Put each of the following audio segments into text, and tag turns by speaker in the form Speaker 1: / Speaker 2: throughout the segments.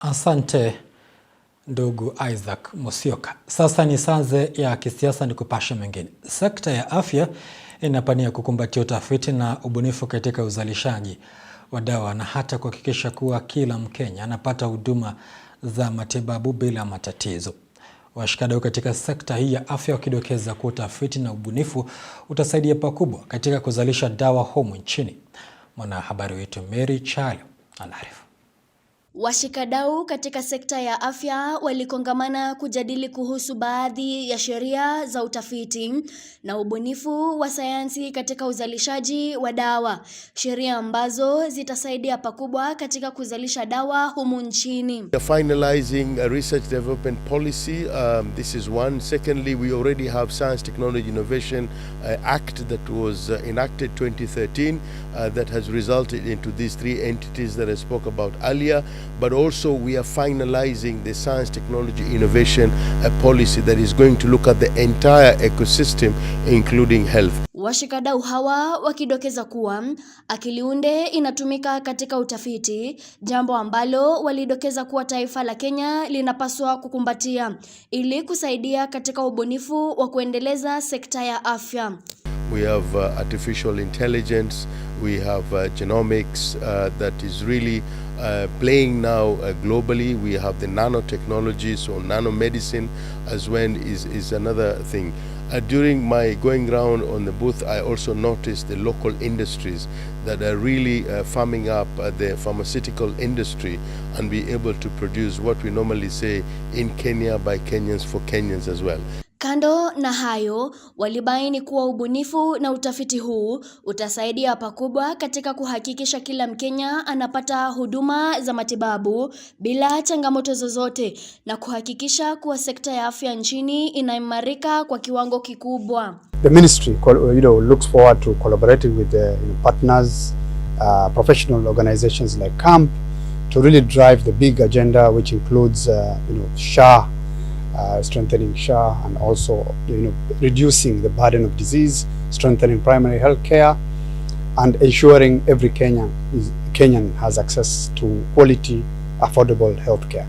Speaker 1: Asante ndugu Isaac Musyoka. Sasa ni sanze ya kisiasa ni kupasha mengine. Sekta ya afya inapania kukumbatia utafiti na ubunifu katika uzalishaji wa dawa na hata kuhakikisha kuwa kila Mkenya anapata huduma za matibabu bila matatizo. Washikadau katika sekta hii ya afya wakidokeza kuwa utafiti na ubunifu utasaidia pakubwa katika kuzalisha dawa humu nchini. Mwanahabari wetu Mary Chalo anaarifu.
Speaker 2: Washikadau katika sekta ya afya walikongamana kujadili kuhusu baadhi ya sheria za utafiti na ubunifu wa sayansi katika uzalishaji wa dawa, sheria ambazo zitasaidia pakubwa katika kuzalisha dawa humu nchini. We
Speaker 3: are finalizing a research development policy. Um, this is one. Secondly, we already have Science Technology Innovation uh, Act that was uh, enacted 2013 uh, that has resulted into these three entities that I spoke about earlier but also we are finalizing the science, technology, innovation a policy that is going to look at the entire ecosystem including health.
Speaker 2: Washikadau hawa wakidokeza kuwa akili unde inatumika katika utafiti, jambo ambalo walidokeza kuwa taifa la Kenya linapaswa kukumbatia ili kusaidia katika ubunifu wa kuendeleza sekta ya afya.
Speaker 3: we have uh, artificial intelligence, we have uh, genomics uh, that is really uh, playing now uh, globally. We have the nanotechnology, so nanomedicine as well is, is another thing. Uh, during my going round on the booth, I also noticed the local industries that are really farming up the pharmaceutical industry and be able to produce what we normally say in Kenya by Kenyans for Kenyans as well.
Speaker 2: Kando na hayo, walibaini kuwa ubunifu na utafiti huu utasaidia pakubwa katika kuhakikisha kila Mkenya anapata huduma za matibabu bila changamoto zozote na kuhakikisha kuwa sekta ya afya nchini inaimarika kwa kiwango kikubwa.
Speaker 4: The ministry, uh, you know, looks forward to collaborating with the uh, partners, uh, professional organizations like CAMP to really drive the big agenda which includes, uh, you know, SHA uh, strengthening SHA and also you know, reducing the burden of disease, strengthening primary health care, and ensuring every Kenyan, is, Kenyan has access to quality, affordable health care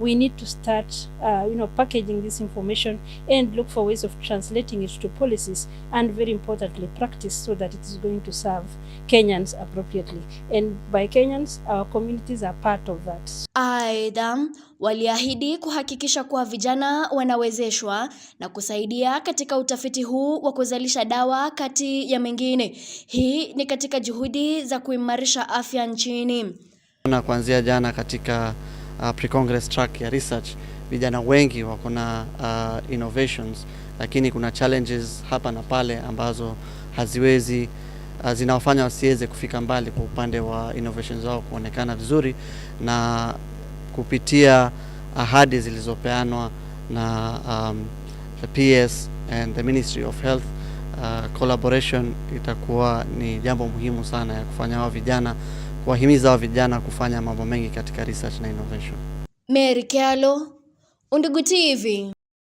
Speaker 5: we need to start uh, you know packaging this information and look for ways of translating it to policies and very importantly practice so that it is going to serve Kenyans appropriately and by Kenyans our communities are part of that.
Speaker 2: Aidha, waliahidi kuhakikisha kuwa vijana wanawezeshwa na kusaidia katika utafiti huu wa kuzalisha dawa kati ya mengine. Hii ni katika juhudi za kuimarisha afya nchini.
Speaker 6: Na kuanzia jana katika uh, pre-congress track ya research, vijana wengi wako na uh, innovations, lakini kuna challenges hapa na pale ambazo haziwezi uh, zinawafanya wasiweze kufika mbali kwa upande wa innovations zao kuonekana vizuri na kupitia ahadi zilizopeanwa na um, the PS and the Ministry of Health. Uh, collaboration itakuwa ni jambo muhimu sana ya kufanya wao vijana kuwahimiza wa vijana kufanya mambo mengi katika research na innovation.
Speaker 2: Mary Kyalo, Undugu TV.